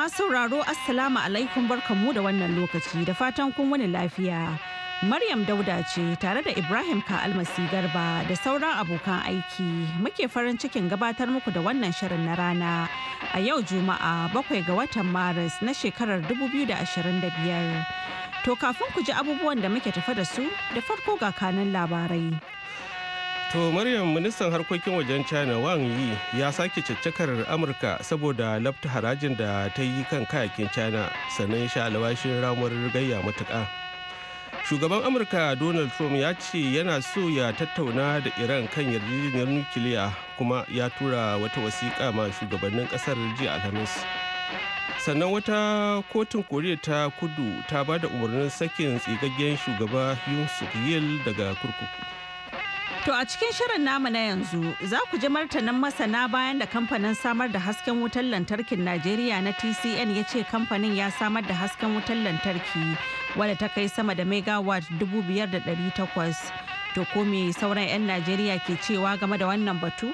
masu sauraro Assalamu alaikum barkamu da wannan lokaci da fatan kun wani lafiya. Maryam Dauda ce tare da Ibrahim Ka'almasi Garba da sauran abokan aiki muke farin cikin gabatar muku da wannan shirin na rana a yau Juma'a bakwai ga watan Maris na shekarar 2025. To kafin ku ji abubuwan da muke tafa da su da farko ga kanan labarai. To Maryam ministan harkokin wajen China Wang Yi ya sake caccakar Amurka saboda lafta harajin da ta yi kan kayakin China sannan sha alwashin ramuwar gayya matuƙa. Shugaban Amurka Donald Trump ya ce yana so ya tattauna da Iran kan yarjejeniyar nukiliya kuma ya tura wata wasiƙa ma shugabannin ƙasar jiya Alhamis. Sannan wata kotun Koriya ta kudu ta ba da umarnin sakin tsigaggen shugaba Yun Suk Yeol daga kurkuku. To a cikin shirin namu na yanzu za ku ji martanin masana bayan da kamfanin samar da hasken wutar lantarkin Najeriya na TCN ya ce kamfanin ya samar da hasken wutar lantarki wadda ta kai sama da megawatt 5,800. To ko me sauran 'yan Najeriya ke cewa game da wannan batu?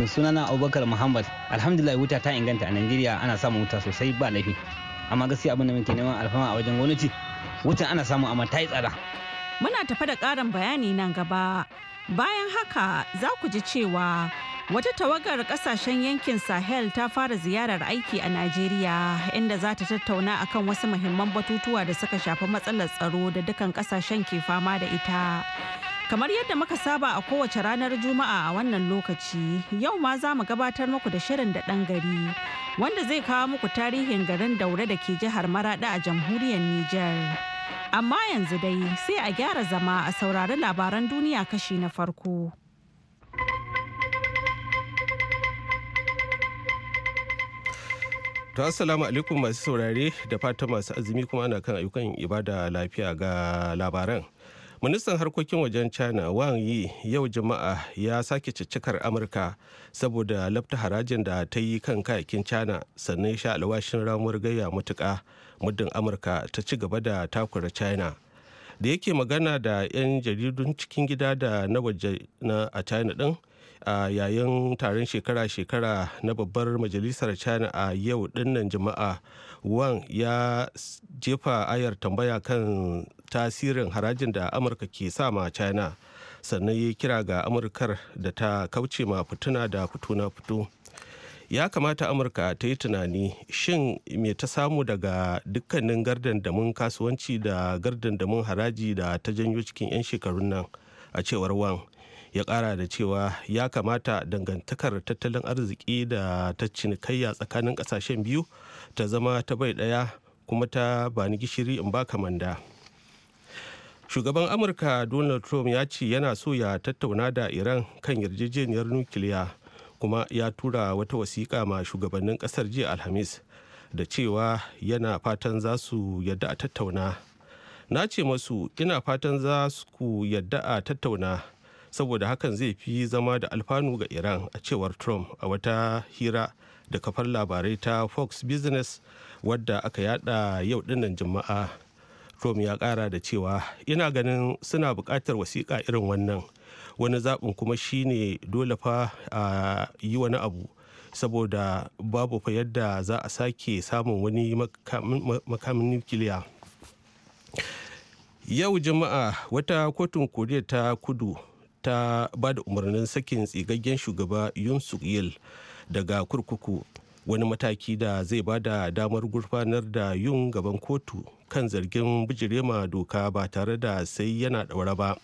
Sunana Abubakar Muhammad, alhamdulillah wuta ta inganta a Najeriya ana samun wuta sosai ba laifi. Amma gaskiya abin da muke neman alfama a wajen gwamnati, wutan ana samu amma ta yi tsada. Muna tafa da ƙarin bayani nan gaba. Bayan haka za ku ji cewa wata tawagar kasashen yankin Sahel ta fara ziyarar aiki a Najeriya inda za ta tattauna akan wasu muhimman batutuwa da suka shafi matsalar tsaro da dukan kasashen ke fama da ita. Kamar yadda muka saba a kowace ranar Juma'a a wannan lokaci, yau ma za mu gabatar muku da shirin da ɗan gari, wanda zai kawo muku tarihin garin daure da ke jihar Maraɗa a jamhuriyar Nijar. Amma yanzu dai sai a gyara zama a saurari labaran duniya kashi na farko. To assalamu alaikum masu saurare da fata masu azumi kuma ana kan ayyukan ibada lafiya ga labaran. Ministan harkokin wajen China Wang Yi yau Juma'a ya sake ciccikar Amurka saboda lafta harajin da ta yi kan kayakin China sannan sha alwashin ramuwar gayya matuƙa muddin amurka ta ci gaba da takura china da yake magana da 'yan jaridun cikin gida da na waje na a china din a yayin taron shekara-shekara na babbar majalisar china a yau dinnan jama'a wang ya jefa ayar tambaya kan tasirin harajin da amurka ke sama china sannan ya kira ga amurkar da ta kauce ma fituna da fito na fito ya kamata amurka ta yi tunani shin me ta samu daga dukkanin gardandamin kasuwanci da gardandamin haraji da ta janyo cikin 'yan shekarun nan a cewar wan ya kara da cewa ya kamata dangantakar tattalin arziki da ta cinikayya tsakanin kasashen biyu ta zama ta bai daya kuma ta bani gishiri in ba ka manda shugaban amurka donald trump ya ce yana so ya tattauna da iran kan yarjejeniyar nukiliya kuma ya tura wata wasiƙa ma shugabannin ƙasar jiya alhamis da cewa yana fatan za su yadda a tattauna na ce masu ina fatan za ku yadda a tattauna saboda hakan zai fi zama da alfanu ga iran a cewar trump a wata hira da kafar labarai ta fox business wadda aka yada yau dinnan juma'a trump ya kara da cewa ina ganin suna bukatar wasiƙa irin wannan wani zaɓin kuma shine dole fa a yi wani abu saboda babu fa yadda za a sake samun wani makamin nukiliya yau jama'a wata kotun koriya ta kudu ta ba da umarnin sakin tsigaggen shugaba yun suk daga kurkuku wani mataki da zai ba da damar gurfanar da yun gaban kotu kan zargin bijirema doka ba tare da sai yana ɗaura ba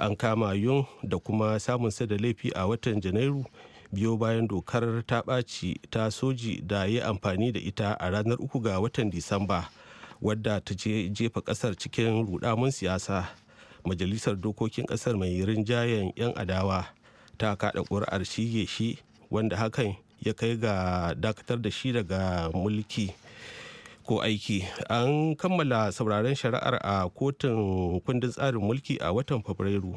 an kama yun da kuma samunsa da laifi a watan janairu biyo bayan dokar ta ɓaci ta soji da ya amfani da ita a ranar uku ga watan disamba wadda ta je jefa ƙasar cikin rudamun siyasa majalisar dokokin ƙasar mai rinjayen 'yan adawa ta kaɗa ƙuri'ar shige shi wanda hakan ya kai ga dakatar da shi daga mulki ko aiki an kammala sauraren shari'ar a kotun kundin tsarin mulki a watan fabrairu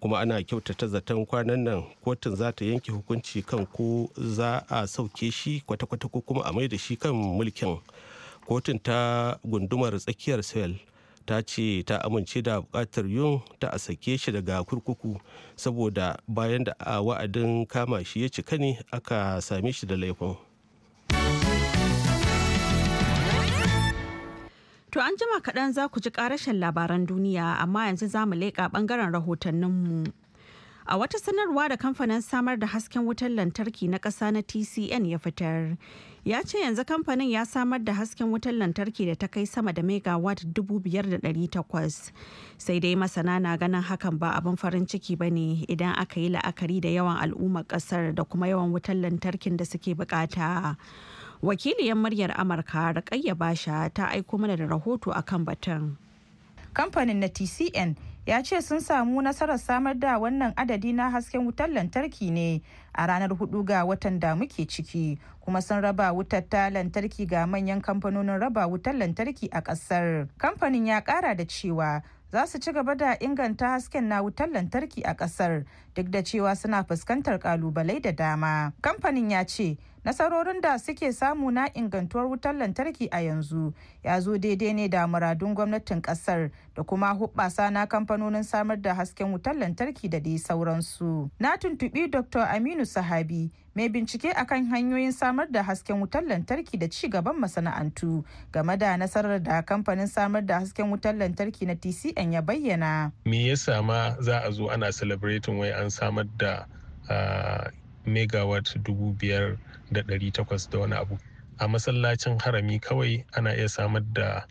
kuma ana kyautata zaton kwanan nan kotun za ta yanke hukunci kan ko za a sauke shi kwata-kwata ko kuma a maida shi kan mulkin kotun ta gundumar tsakiyar sel ta ce ta amince da bukatar yun ta a sake shi daga kurkuku saboda bayan da a wa'adin kama shi ya cika ne aka same shi da laifin To an jima kaɗan za ku ji ƙarashin labaran duniya amma yanzu za mu leƙa ɓangaren rahotanninmu. A wata sanarwa da kamfanin samar da hasken wutar lantarki na ƙasa na TCN ya fitar. Ya ce yanzu kamfanin ya samar da hasken wutar lantarki da ta kai sama da megawatt takwas. Sai dai masana na ganin hakan ba abin farin ciki ba ne idan aka yi la'akari da yawan al'ummar ƙasar da kuma yawan wutar lantarkin da suke bukata. wakiliyar muryar amurka rakayya basha ta aiko mana da rahoto a kan batun kamfanin na tcn ya ce sun samu nasarar samar da wannan adadi na hasken wutar lantarki ne a ranar hudu ga watan da muke ciki kuma sun raba wutar ta lantarki ga manyan kamfanonin raba wutar lantarki a kasar kamfanin ya kara da cewa za su ci gaba da inganta hasken na wutar lantarki a kasar duk da cewa suna fuskantar kalubalai da dama kamfanin ya ce nasarorin da suke samu na ingantuwar wutar lantarki a yanzu ya zo daidai ne da muradun gwamnatin kasar da kuma hubbasa na kamfanonin samar da hasken wutar lantarki da dai sauransu na tuntubi dr aminu sahabi mai bincike akan hanyoyin samar da hasken wutar lantarki da ci gaban masana'antu game da nasarar da kamfanin samar da hasken wutar lantarki na tcn ya bayyana me yasa ma za a zo ana celebrating wai an samar da ah, megawatt dubu biyar da ɗari takwas da wani abu a masallacin harami kawai ana iya samar da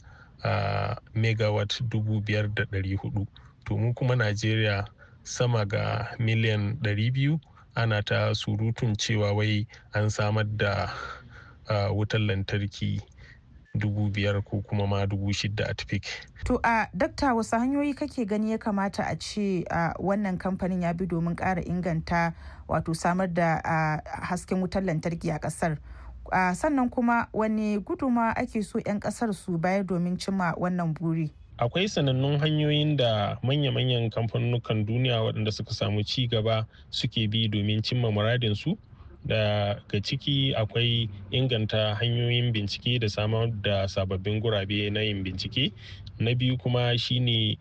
megawatt dubu biyar da ɗari hudu to mu kuma najeriya sama ga miliyan ɗari biyu ana ta surutun cewa wai an samar da wutar lantarki dubu biyar ko kuma ma dubu shida a tufik. To a dakta wasu hanyoyi kake gani ya kamata a ce wannan kamfanin ya bi domin ƙara inganta wato samar da hasken wutar lantarki a kasar sannan kuma wani guduma ake so 'yan kasar su baya domin cimma wannan buri akwai sanannun hanyoyin da manya-manyan kamfanunukan duniya waɗanda suka samu ci gaba suke bi domin cimma muradinsu daga ciki akwai inganta hanyoyin bincike da samar da sababbin gurabe na yin bincike na biyu kuma shine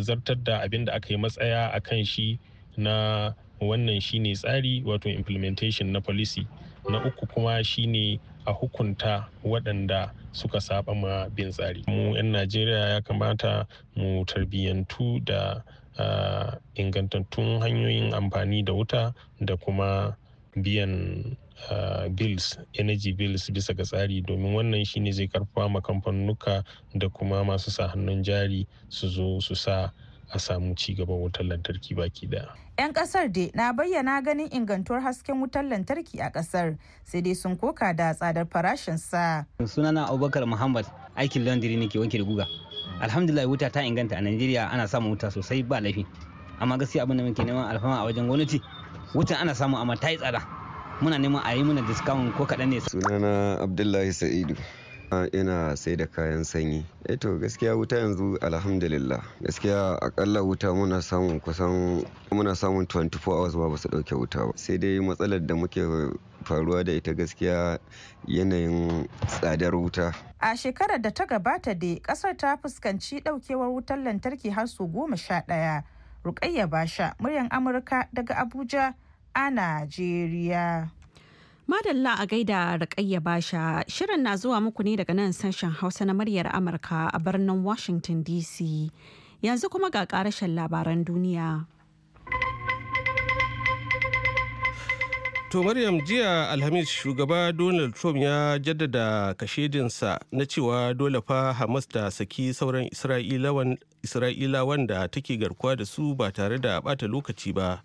zartar da abin da aka yi matsaya a kan shi na wannan shine tsari wato implementation na policy na uku kuma shine a hukunta waɗanda suka saba ma bin tsari mu 'yan najeriya ya kamata mu tarbiyyantu da uh, ingantattun hanyoyin amfani da wuta da kuma biyan uh, bills energy bills bisa ga tsari domin wannan shine zai karfafa ma kamfanunuka da kuma masu sa hannun jari su zo su sa a samu cigaban wutar lantarki baki daya. 'Yan kasar dai na bayyana ganin ingantuwar hasken wutar lantarki a kasar sai dai sun koka da tsadar farashin sa. Sunana Abubakar Muhammad aikin laundry nake wanke da guga. Alhamdulillah wuta ta inganta a Najeriya ana samun wuta sosai ba laifi. Amma gaskiya abin da muke neman alfama a wajen gwamnati wutan ana samu amma ta yi tsada. Muna neman a yi mana discount ko kaɗan ne. Sunana Abdullahi Sa'idu. ina sai da kayan sanyi. Eto eh gaskiya wuta yanzu alhamdulillah. Gaskiya aƙalla wuta muna samun kusan muna samun 24 hours ba basu dauke wuta ba. Sai dai matsalar da muke faruwa da ita gaskiya yanayin tsadar wuta. A shekarar da ta gabata dai ƙasar ta fuskanci ɗaukewar wutar lantarki har su goma sha ɗaya. Rukayya Basha, muryan Amurka daga Abuja a Najeriya. Madalla a gaida Rakayya Basha shirin na zuwa muku ne daga nan sashen Hausa na maryar Amurka a birnin Washington DC. Yanzu kuma ga karashen labaran duniya. To Maryam jiya Alhamis shugaba Donald Trump ya jaddada kashedinsa na cewa dole fa Hamas ta saki sauran Isra'ila wanda take garkuwa da su ba tare da bata lokaci ba.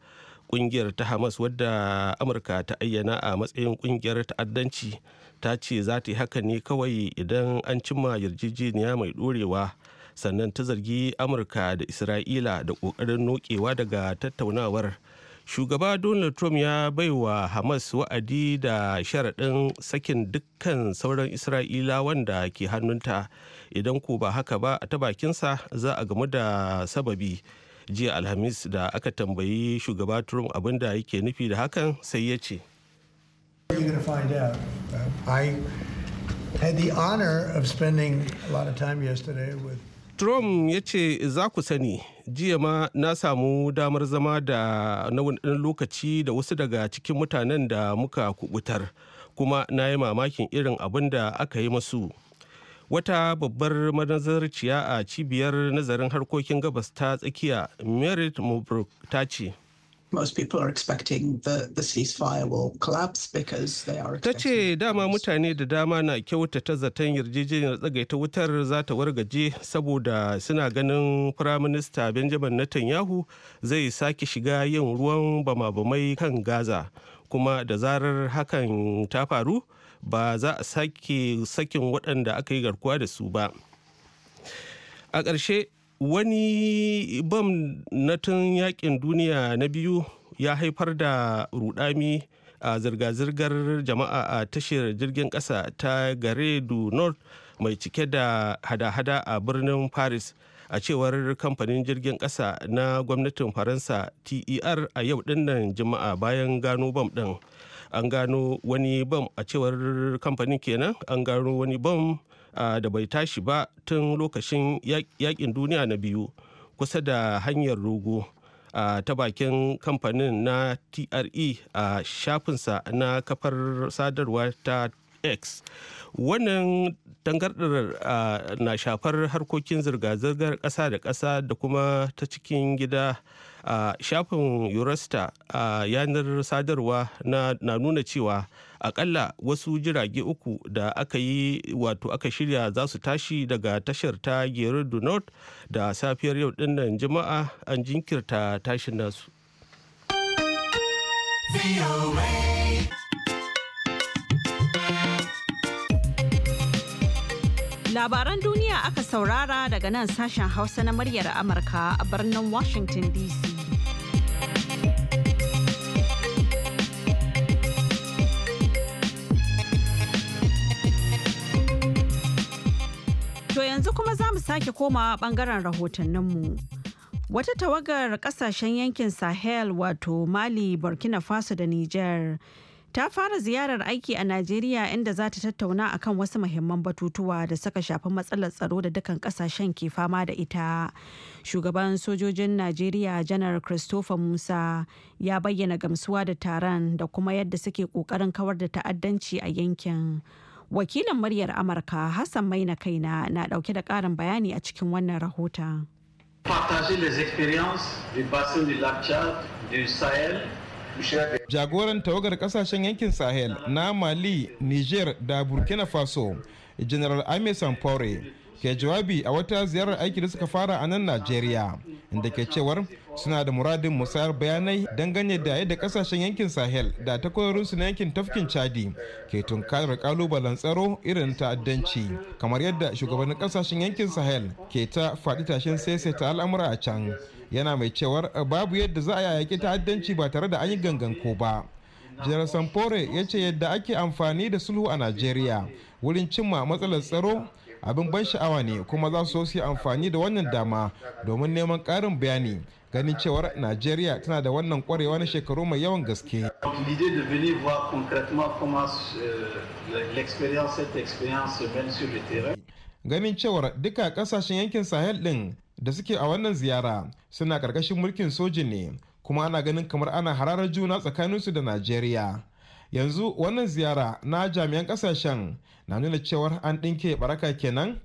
kungiyar ta hamas wadda amurka ta ayyana a matsayin kungiyar ta'addanci ta ce za ta yi haka ne kawai idan an cimma yarjejeniya mai ɗorewa, sannan ta zargi amurka da isra'ila da ƙoƙarin nokewa daga tattaunawar shugaba donald trump ya baiwa hamas wa'adi da sharaɗin sakin dukkan sauran isra'ila wanda ke hannunta idan ko ba haka ba a ta bakinsa za a gamu da sababi jiya alhamis da aka tambayi shugaba trump abin da yake nufi da hakan sai ya ce uh, Trump ya ce za ku sani jiya ma na samu damar zama da na wani lokaci da wasu daga cikin mutanen da muka kubutar kuma na yi mamakin irin abin da aka yi masu. wata babbar manazarciya a cibiyar nazarin harkokin gabas ta tsakiya merit mubrook ta ce Ta ce dama mutane da dama na kyautata zaton yarjejeniyar tsagaita wutar za ta wargaje saboda suna ganin Firaminista Benjamin Netanyahu zai sake shiga yin ruwan bama-bamai kan Gaza. Kuma da zarar hakan ta faru, ba za a sake sakin waɗanda aka yi garkuwa da su ba a ƙarshe wani bam na tun yakin duniya na biyu ya haifar da rudami a zirga-zirgar jama'a a tashar jirgin ƙasa ta gare du nord mai cike da hada-hada a birnin paris a cewar kamfanin jirgin ƙasa na gwamnatin faransa ter a yau dinnan jama'a bayan gano bam ɗin an gano wani bam a cewar kamfanin kenan an gano wani bam da bai tashi ba tun lokacin yakin duniya na biyu kusa da hanyar rogo ta bakin kamfanin na tre a shafinsa na kafar sadarwa ta x wannan tangardar na shafar harkokin zirga-zirgar ƙasa da ƙasa da kuma ta cikin gida a shafin eurostar a yanar sadarwa na nuna cewa akalla wasu jirage uku da aka yi wato aka shirya za su tashi daga tashar ta gerudo north da safiyar yau dinnan jama'a an jinkirta tashin nasu Labaran duniya aka saurara daga nan sashen Hausa na muryar Amurka a birnin Washington DC. Yanzu kuma za mu sake komawa bangaren rahotanninmu. Wata tawagar kasashen yankin Sahel wato Mali, Burkina Faso da Nijar ta fara ziyarar aiki a Najeriya inda za ta tattauna akan wasu muhimman batutuwa da suka shafi matsalar tsaro da dukan kasashen ke fama da ita. Shugaban sojojin Najeriya Janar Christopher Musa ya bayyana gamsuwa da taron da kuma yadda suke ƙoƙarin kawar da ta'addanci a yankin. Wakilin muryar Amurka Hassan Maina Kaina na dauke da karin bayani a cikin wannan rahota. Jagoran tawagar kasashen yankin Sahel na Mali, Niger da Burkina Faso, General Ame Sampore, ke jawabi a wata ziyarar aiki da suka fara a nan Najeriya, inda ke cewar suna da muradin musayar bayanai dangane da yadda kasashen yankin sahel da takwarorinsu na yankin tafkin chadi ke tunkarar kalubalen tsaro irin ta'addanci kamar yadda shugabannin kasashen yankin sahel ke ta faɗi tashin saisaita al'amura a can yana mai cewar babu yadda za a yaƙi ta'addanci ba tare da an yi ganganko ba jihar samfore ya ce yadda ake amfani da sulhu a najeriya wurin cimma matsalar tsaro abin ban sha'awa ne kuma za su yi amfani da wannan dama domin neman ƙarin bayani ganin cewar najeriya tana da wannan kwarewa na shekaru mai yawan gaske euh, ganin cewar duka kasashen yankin sahel din da suke a wannan ziyara suna karkashin mulkin soji ne kuma ana ganin kamar ana hararar juna tsakaninsu da najeriya yanzu wannan ziyara na jami'an kasashen na nuna cewar an ɗinke baraka kenan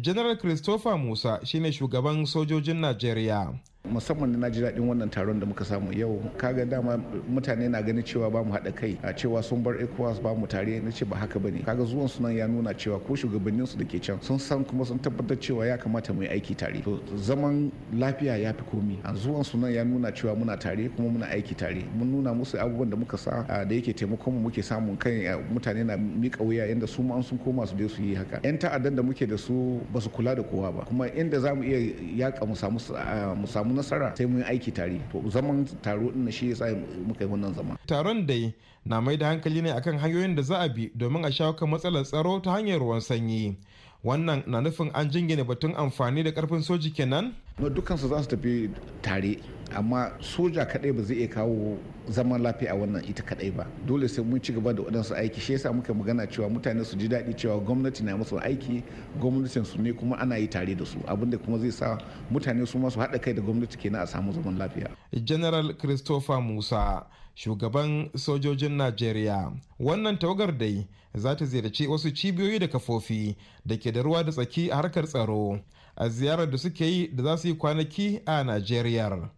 general christopher musa shine shugaban sojojin najeriya musamman na ji daɗin wannan taron da muka samu yau kaga dama mutane na ganin cewa ba mu haɗa kai a cewa sun bar ecowas ba mu tare na ce ba haka ba ne kaga zuwan sunan ya nuna cewa ko shugabannin su da ke can sun san kuma sun tabbatar cewa ya kamata mu yi aiki tare to zaman lafiya ya fi komi a zuwan sunan ya nuna cewa muna tare kuma muna aiki tare mun nuna musu abubuwan da muka sa da yake taimakon mu muke samun kan mutane na miƙa wuya yanda su ma sun koma su je su yi haka yan ta'addan da muke da su ba su kula da kowa ba kuma inda za mu iya yaka mu samu samu nasara sai mun aiki tare to zaman taro din shi yasa muka yi wannan zama taron dai na mai da hankali ne akan hanyoyin da za a bi domin a shawo kan matsalar tsaro ta hanyar ruwan sanyi wannan na nufin an jingine batun amfani da karfin soji kenan na dukansu za su tafi tare amma soja kadai ba zai iya kawo zaman lafiya a wannan ita kadai ba dole sai mun ci gaba da waɗansu aiki shi yasa muka magana cewa mutane su ji daɗi cewa gwamnati na musu aiki gwamnatin su ne kuma ana yi tare da su abin da kuma zai sa mutane su masu haɗa kai da gwamnati kenan a samu zaman lafiya general christopher musa shugaban sojojin najeriya wannan tawagar dai za ta ziyarci wasu cibiyoyi da kafofi da ke da ruwa da tsaki a harkar tsaro a ziyarar da suke yi da za su yi kwanaki a najeriya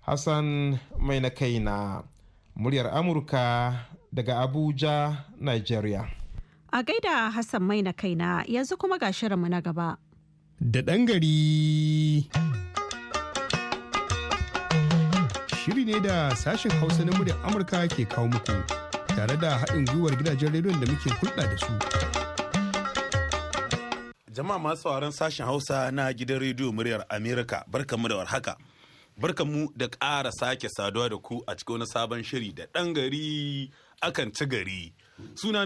hassan mai na kaina muryar amurka daga abuja Najeriya. a gaida hassan mai na kaina yanzu kuma ga shirinmu na gaba da ɗan gari shiri ne da sashen hausa na muryar amurka ke kawo muku tare da haɗin gwiwar gidajen rediyon da muke hulɗa da su Jama'a masu sauraron sashen Hausa na gidan rediyo muryar Amerika barkanmu da warhaka. Barkanmu da ƙara sake saduwa da ku a cikin wani sabon shiri da ɗan gari akan ci gari.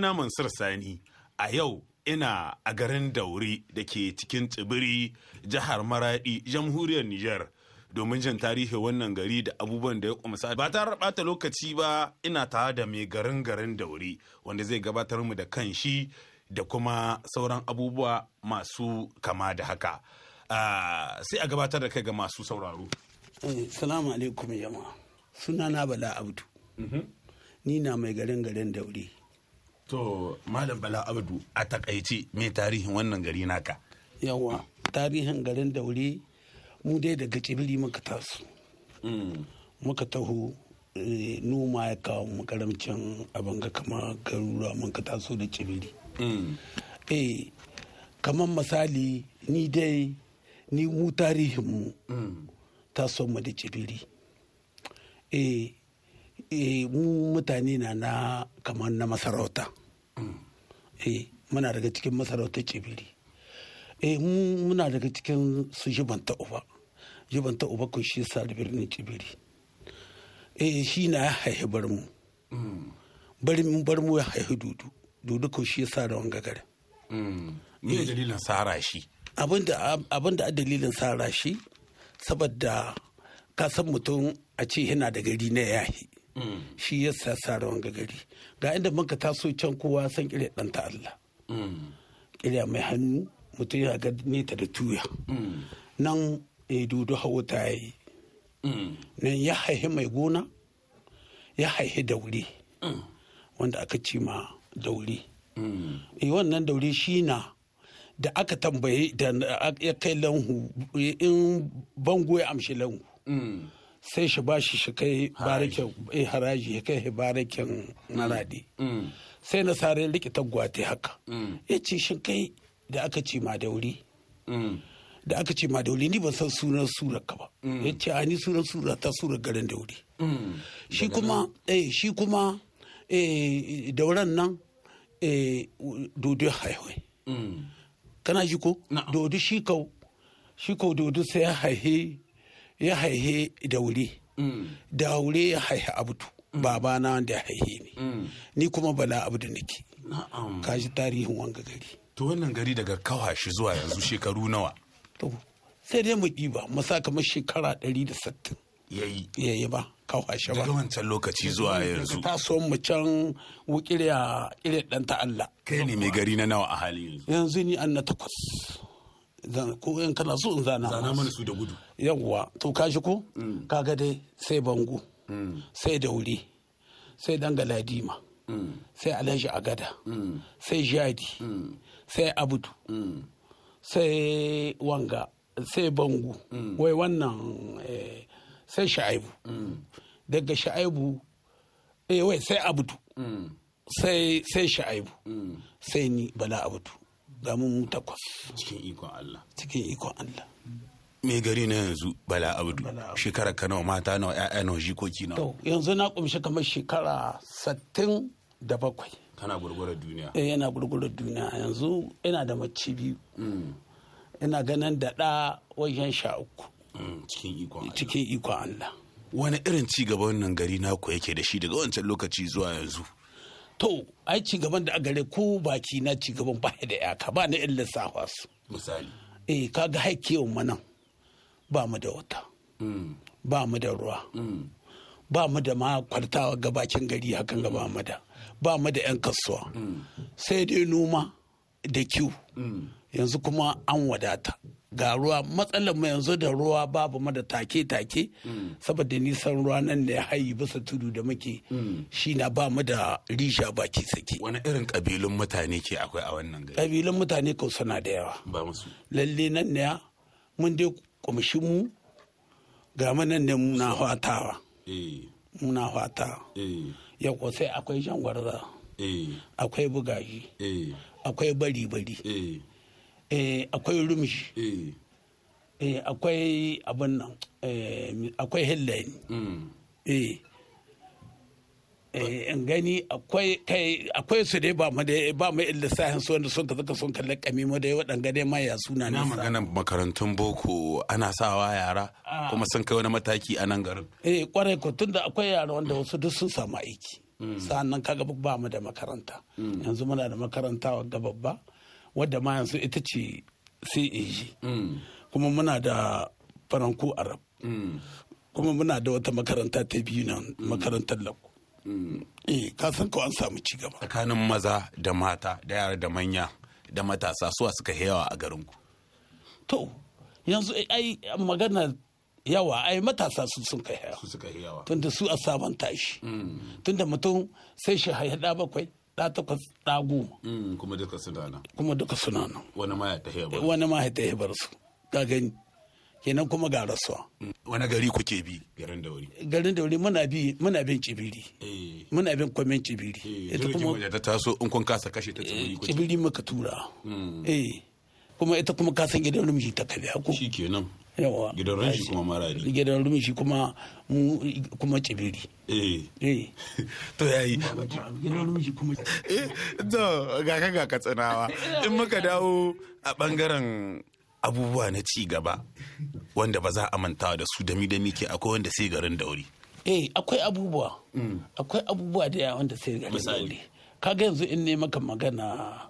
na Mansur Sani. A yau ina a garin Daure da ke cikin tsibiri jihar Maradi, jamhuriyar niger domin jin tarihi wannan gari da abubuwan da ya kumsa ba ta bata lokaci ba ina tare da mai garin garin daure wanda zai gabatar mu da kan shi da kuma sauran abubuwa masu kama da haka ah, sai a gabatar da kai ga masu sauraro eh, salamu alaikum Suna na bala abdu mhm. ni na mai garin garin daure to malam bala abdu a takaice me tarihin wannan gari naka yawa tarihin garin daure mu dai daga cibiri muka taso mm. muka taho eh, noma ya kawo makaramcin abin ga kama garura muka taso da cibiri. eh kamar misali ni dai ni mu tarihinmu ta mu da cibiri eh, eh mu mutane na na kamar na masarauta eh muna daga cikin masarautar cibiri eh muna daga cikin su jibanta uba jibanta uba ku shi sa da birnin cibiri eh shi na ya bar mu bar mu ya haihu dudu dudu ko shi yasa wanga gagara mm. me eh. dalilin sara shi abin da dalilin sara shi saboda ka san mutum a ce yana da gari na yahi mm. shi yasa sara wanga gari ga inda muka taso can kowa san kire dan ta Allah kire mm. mai hannu mutum ya ga neta da tuya nan ya eh, dudu hawa ta yi nan ya haihi mai gona ya haihi daure wanda aka ce ma daure mm. eh wannan daure shi na da aka tambaye da ya kai lanhu in bango ya amshi lanhu mm. sai shi ba shi shi kai barakin eh, haraji ya kai barakin naradi mm. sai na sare rikita gwate haka ya ce shi kai da aka ce ma dauri da aka ce ma dauri ni ban san sunan surar ka ba ya ce a ni sunan sura ta surar garin dauri shi kuma eh shi kuma eh dauran nan Eh, dodo haihuwa mm. kana ji ko dodo shi kau shi ko dodo sai ya haihe ya haihe da wuri mm. ya haihe abutu mm. na wanda ya haihe ni ni kuma bala abu da nake ka ji tarihin wanga gari to wannan gari daga kawashi zuwa yanzu shekaru nawa to sai dai mu ɗiba mu sa kamar shekara ɗari da sittin yayi yi ba kawashe ba daga wancan lokaci zuwa yanzu ta so mu can wukiriya irin dan ta Allah kai ne mai gari na nawa a hali yanzu yanzu ni an na takwas ko in kana so in zana zana mana su da gudu yawwa to kashi ko mm. kaga dai sai bangu mm. sai daure sai dan galadima mm. sai alhaji agada sai jadi sai abudu sai wanga sai bangu wai wannan eh, sai sha'aibu daga sha'aibu eh wai sai abutu sai sai sha'aibu sai ni bala abutu ga mun takwas cikin ikon Allah cikin ikon Allah me gari na yanzu bala abudu shekara ka nawa mata nawa ƴaƴa nawa jikoki nawa to yanzu na kumshi kamar shekara sattin da bakwai kana gurgurar duniya eh yana gurgurar duniya yanzu ina da mace biyu mm. ina ganin da ɗa wajen sha uku Mm, cikin ikon Allah wani irin ci gaban nan gari naku yake da shi daga wancan lokaci zuwa yanzu to ai ci gaban da a gare ko baki na ci gaban ba da yaka ba na yan lissafa su misali eh kaga haikewan mu nan ba mu da wata. Mm. ba mu da ruwa mm. ba mu da ma kwartawa bakin gari hakan ga ba mu da ba mu da yan kasuwa sai dai noma da kiwo yanzu kuma an wadata ga ruwa matsalar mu yanzu da ruwa babu ma da take-take saboda nisan ruwa nan da ya hayi bisa tudu da muke shi na ba mu da risha baki sake wani irin kabilun mutane ke akwai a wannan gari kabilun mutane ko suna da yawa ba musu lalle nan ne mun dai kumshin mu ga mu nan ne muna hatawa eh. muna hatawa eh. yau ko sai akwai jangwarza. eh akwai bugaji eh. akwai bari-bari Eh, akwai rumi eh. eh, akwai abin nan akwai headline mm. in gani akwai su dai ba mu da ba mu illa sahin su wanda suka zaka sun kalli mu da waɗanga dai ma ya suna na maganan makarantun boko ana sawa yara ah. kuma sun kai wani mataki a nan garin eh kwarai ko tunda akwai yara wanda wasu duk sun samu aiki mm. sa'annan kaga ba mu da makaranta mm. yanzu muna da makaranta wa babba wadda ma yanzu ita ce CAG mm. kuma muna da faranko arab mm. kuma muna da wata makaranta ta biyu nan makarantar lako mm. eh ka san ko an samu ci gaba tsakanin maza da mata da yara da manya da matasa suwa suka yawa a garin ku. to yanzu ai magana yawa ai matasa su sun kai yawa tunda su a sabon tashi tunda mutum sai shi haihada bakwai ta taka ɗago. Mm, kuma duka suna nan. kuma duka suna nan. wani ma ya tahe bar wani ma ya ta hebar su ka gani kenan kuma ga rasuwa. Mm. wani gari kuke bi garin dauri. garin dauri muna bi muna bin cibiri. Eh. muna bin kwamin cibiri. Eh, ita kuma da ta taso in kun kasa kashe ta tsibiri eh, kuke. cibiri muka tura. Mm. kuma ita kuma kasan gidan rumji ta kabiya ko. shi kenan. yawa gidan rumi shi kuma maradi gidan rumi shi kuma mu kuma tsibiri eh, eh. to yayi gidan rumi shi kuma eh to ga ka ga katsinawa in muka dawo a bangaren abubuwa na ci gaba wanda ba za a mantawa da su dami dami ke akwai wanda sai garin dauri eh akwai abubuwa mm. akwai abubuwa da wanda sai garin dauri kaga yanzu in ne maka magana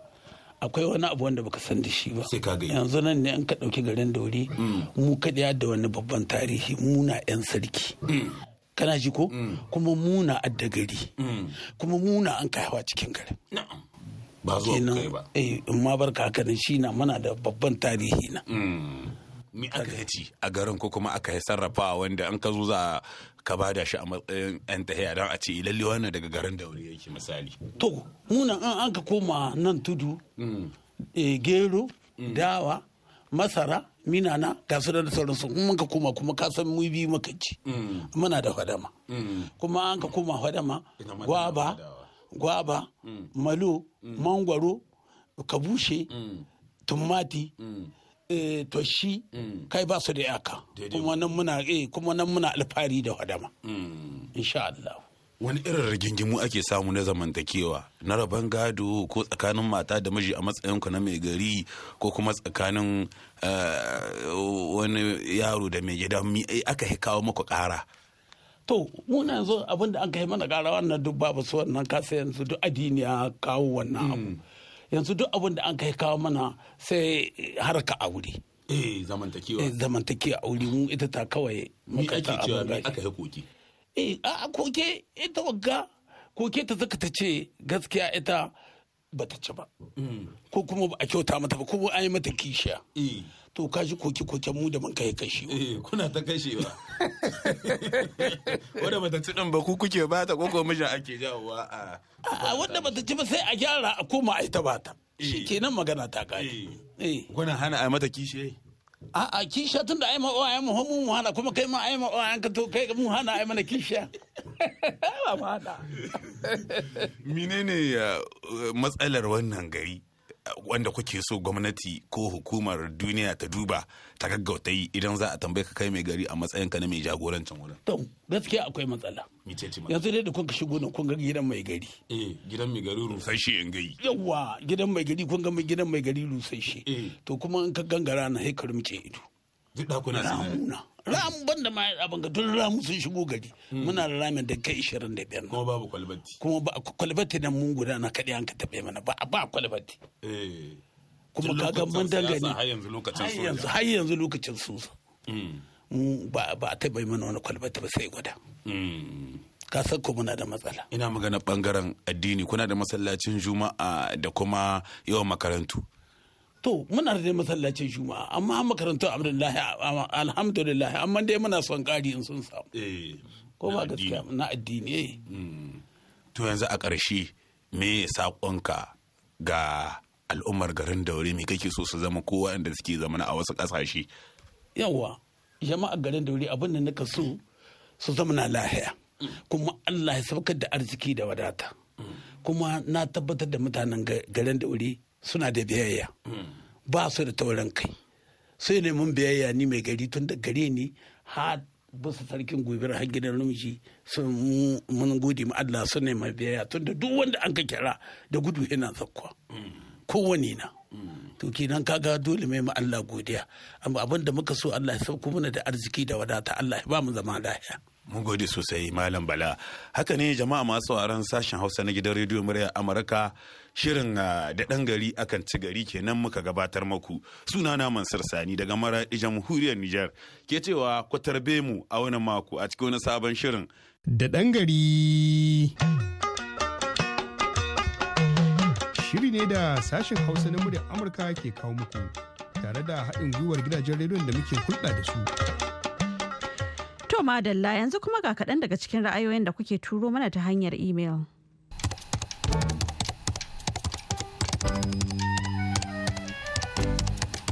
akwai wani abu wanda baka san da shi ba yanzu nan ne an ka ɗauki garin dauri mm. mu kaɗaya da wani babban tarihi muna 'yan sarki mm. kana ji ko mm. kuma muna adda gari kuma muna an kaiwa cikin garin ba zuwa kai ba eh ma barka haka ne shi na muna da babban tarihi na me aka yi a garin ko kuma aka yi sarrafa wanda an ka zo za ka bada shi a matsayin yan tahiya don a ce eh, lalle wannan daga garin dauri yake misali to muna an an ka koma nan tudu mm. eh, gero mm. dawa masara minana ga su da sauransu kuma ka koma kuma ka san mu bi muka ci mm. muna da fadama kuma an ka koma fadama gwaba gwaba malo mangwaro kabushe tumati eh to shi mm. kai ba su da yaka kuma nan muna eh, kuma nan muna alfahari da hadama mm. insha Allah wani irin rigingimu ake samu na zamantakewa na rabon gado ko tsakanin mata da miji a matsayin ku na mai gari ko kuma tsakanin eh, wani yaro da mai gida aka kawo muku kara to muna yanzu abin da an kai mana kara wannan duk babu su wannan kasa yanzu duk addini ya kawo wannan abu mm. yanzu duk abin da an kai kawo mana sai harka wuri. eh zamantakewa eh zamantakewa aure mu ita ta kawai muka ake cewa mi aka yi koke eh a koke ita wagga koke ta zaka ta ce gaskiya ita ta ci ba mm. ko kuma ba a kyauta mata ba kuma an yi mata kishiya eh. to ka ji koke koken mu da man kai kashi eh, kuna ta kashewa wanda bata ci ba ku kuke ba ta koko mijin ake jawowa a a wanda bata ci ba sai a gyara a koma a ita bata eh. kenan magana ta kare kuna hana a mata kishiya A'a kisha tun da ai ma oyan mu mun hana kuma kai ma ai ma oyan ka to kai mun hana ai mana kisha. Ba ma hana. Menene eh, matsalar wannan gari? wanda kuke so gwamnati ko hukumar duniya ta duba ta gaggauta yi idan za a tambaye ka kai mai gari a matsayin ka na mai jagorancin wurin to gaskiya akwai matsala yanzu dai da ka shigo na kun ga gidan mai gari eh gidan mai gari rusashe in gai yawwa gidan mai gari kun ga gidan mai gari rusashe eh. to kuma in ka gangara na haikarin ce ido duk ɗakuna sun ramuna ramu ban da ma abin ga duk ramu sun shigo gari hmm. muna da ramin da kai 25 kuma babu kwalbati kuma ba kwalbati nan mun guda na kaɗai an ka taɓe mana ba ba kwalbati eh. kuma kaga mun dangane har yanzu lokacin sosa hmm. ba a taɓa mana wani kwalbati ba sai gwada hmm. ka san ko muna da matsala ina magana bangaren addini kuna da masallacin juma'a da kuma yawan makarantu to muna da masallacin juma'a amma makarantu abdullahi alhamdulillah amma dai muna son ƙari in sun samu eh, ko ba gaskiya na addini eh. hmm. to yanzu a ƙarshe me saƙonka ga al'ummar garin daure me kake so su zama ko waɗanda suke zama a wasu ƙasashe yawa jama'a garin daure abin da nika so su zama na lahiya kuma Allah ya saukar da arziki da wadata hmm. kuma na tabbatar da mutanen garin daure suna da biyayya hmm. ba su da taurin kai sai ne mun biyayya ni mai gari tun da gare ni har basu sarkin gobiyar har gidan rumshi sun mun gode ma Allah sun ne mai biyayya tun da duk wanda an ka kira da gudu yana zakwa hmm. kowane na hmm. to kenan kaga dole mai ma Allah godiya amma abin da muka so Allah ya sauko mana da arziki da wadata Allah ya ba mu zama lafiya mun gode sosai malam bala haka ne jama'a masu sauraron sashen hausa na gidan rediyo murya amurka shirin ah, da ɗan gari akan ci gari kenan muka gabatar maku na mansur sani daga mara jamhuriyar nijar ke cewa ku tarbe mu a wani mako a cikin wani sabon shirin da ɗan gari shiri ne da sashen hausa na muryar amurka ke kawo muku tare da haɗin gwiwar gidajen rediyon da muke hulɗa da su To dalla yanzu kuma ga kaɗan daga cikin ra'ayoyin da kuke turo mana ta hanyar imel.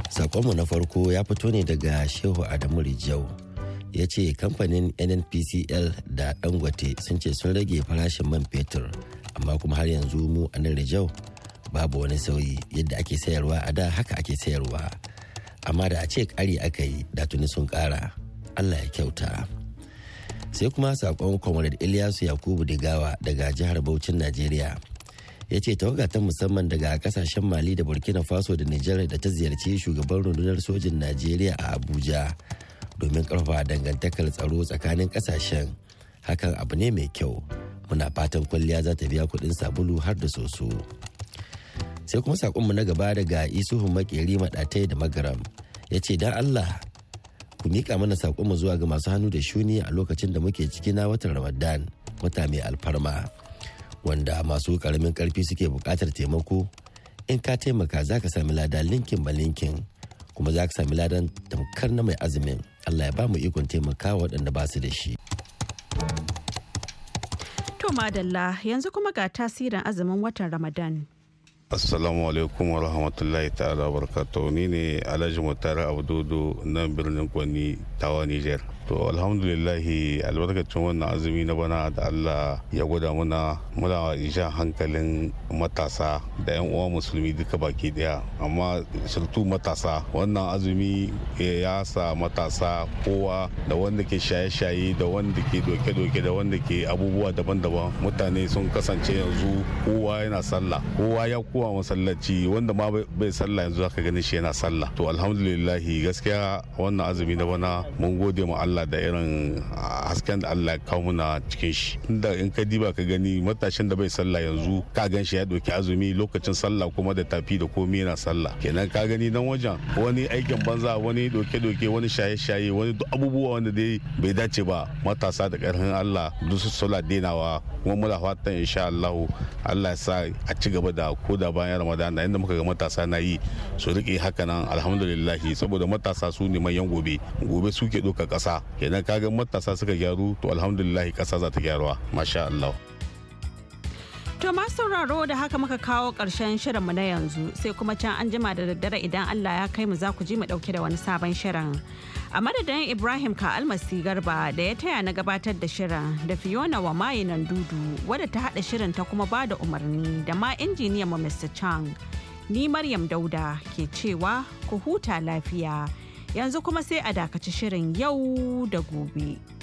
Sakonmu na farko ya fito ne daga Shehu Adamu Rijau. ya ce kamfanin nnpcl da dangote sun ce sun rage farashin man fetur amma kuma har yanzu mu a nan rijau babu wani sauyi yadda ake sayarwa a da haka ake sayarwa amma da a ce kari aka yi da tuni sun kara allah ya kyauta sai kuma sakon comrade ilyasu yakubu digawa daga jihar Bauchin najeriya ya ce ta musamman daga kasashen mali da burkina faso da nijar da ta ziyarci shugaban rundunar sojin najeriya a abuja domin karfa dangantakar tsaro tsakanin kasashen hakan abu ne mai kyau muna fatan kwalliya za ta biya kuɗin sabulu har da soso sai kuma saƙonmu na gaba daga isuhu makeri maɗatai da magaram ya ce don allah ku miƙa mana saƙonmu zuwa ga masu hannu da shuni a lokacin da muke ciki na watan ramadan wata mai alfarma wanda masu ƙaramin ƙarfi suke buƙatar taimako in ka taimaka za ka sami lada linkin ba linkin kuma za ka sami ladan tamkar na mai azumin allah ya ba mu ikon taimakawa waɗanda ba su da shi to madalla yanzu kuma ga tasirin azumin watan ramadan assalamu alaikum wa rahmatullahi ta'ala barakatuhu ni ne alhaji mutare abdudu na birnin kwani tawa niger to alhamdulillahi albarkacin wannan azumi na bana da allah ya gwada muna muna isha hankalin matasa da yan uwa musulmi duka baki daya amma surtu matasa wannan azumi ya sa matasa kowa da wanda ke shaye-shaye da wanda ke doke-doke da wanda ke abubuwa daban-daban mutane sun kasance yanzu kowa yana sallah kowa ya kowa masallaci wanda ma bai sallah yanzu zaka gani shi yana sallah to alhamdulillah gaskiya wannan azumi na bana mun gode ma Allah da irin hasken da Allah ya kawo muna cikin shi inda in ka diba ka gani matashin da bai sallah yanzu ka gan shi ya dauki azumi lokacin sallah kuma da tafi da komai yana sallah kenan ka gani dan wajen wani aikin banza wani doke-doke wani shaye-shaye wani duk abubuwa wanda dai bai dace ba matasa da karfin Allah duk su sallah denawa kuma muna fatan insha Allah Allah ya sa a ci gaba da koda da bayan ramadana yadda muka ga matasa na yi su rike haka nan alhamdulillah saboda matasa su ne manyan gobe gobe su suke ɗauka ƙasa idan ga matasa suka gyaru to alhamdulillah ƙasa za ta gyaruwa masha Allah. To ma sauraro da haka muka kawo ƙarshen mu na yanzu sai kuma can an jima da daddare idan Allah ya kai mu za ku ji mu ɗauke da wani sabon shirin. a madadin ibrahim ka'almasi garba da ya taya na gabatar da shirin da fiona wa mayinan dudu wadda ta hada shirin ta kuma ba da umarni da ma injiniyan mu mr chang ni maryam dauda ke cewa ku huta lafiya yanzu kuma sai a dakaci shirin yau da gobe.